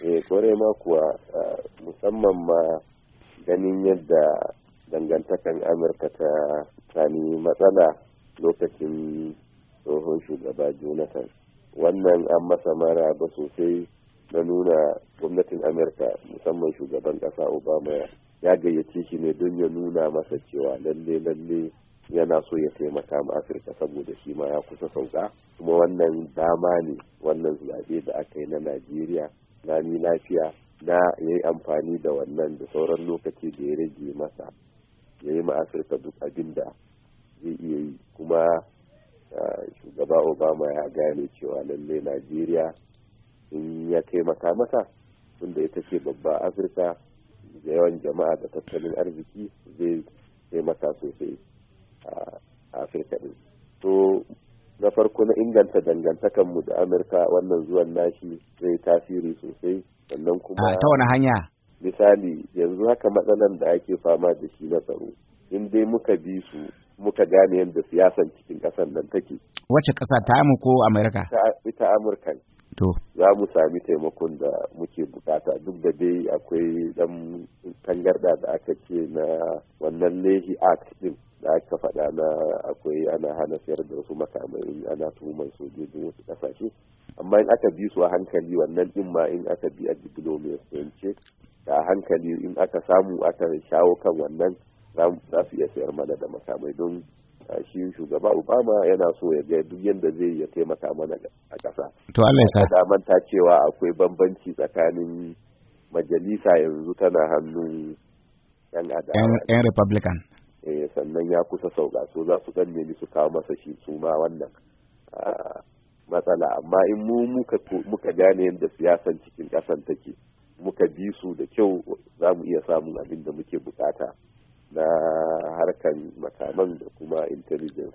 eh kore ma kuwa musamman ma ganin yadda dangantakan amurka ta sami matsala lokacin tsohon shugaba jonathan wannan an masa mara ba sosai na nuna gwamnatin amurka musamman shugaban ƙasa obama ya gayyace shi ne don ya nuna masa cewa lalle lalle yana so ya taimaka ma afirka saboda shi ma ya kusa sauka kuma wannan dama ne wannan zaɓe da aka yi na najeriya lami lafiya na ya yi amfani da wannan da sauran lokaci da ya rage masa ya yi ma afirka duk abin da zai iya yi kuma shugaba obama ya gane cewa lalle najeriya in ya taimaka makamata tunda ita ce babba afirka da yawan jama'a da tattalin arziki zai taimaka sosai a afirka din to na farko na inganta dangantakan mu da amurka wannan zuwan nashi zai tasiri sosai sannan kuma ta wani hanya misali yanzu haka matsalan da ake fama da shi na tsaro in dai muka bi su muka gane yadda siyasan cikin ƙasar nan take wacce ƙasa ta mu ko amurka ita amurka to za mu sami taimakon da muke bukata duk da dai akwai dan tangarda da aka ce na wannan lehi act din da aka faɗa na akwai ana hana sayar da wasu makamai ana tuhumar sojojin wasu ƙasashe amma in aka bi su a hankali wannan din ma in aka bi a da a hankali in aka samu aka shawo kan wannan za su iya sayar mana da makamai don shi shugaba obama yana so ya ga duk yadda zai ya taimaka mana a ƙasa to allah ya sa manta cewa akwai bambanci tsakanin majalisa yanzu tana hannun yan republican sannan ya kusa sauka so za su dan nemi su kawo masa shi su ma wannan matsala amma in mu muka gane yadda siyasan cikin ƙasan take muka bi su da kyau za mu iya samun abin da muke bukata na harkan makaman da kuma intelligence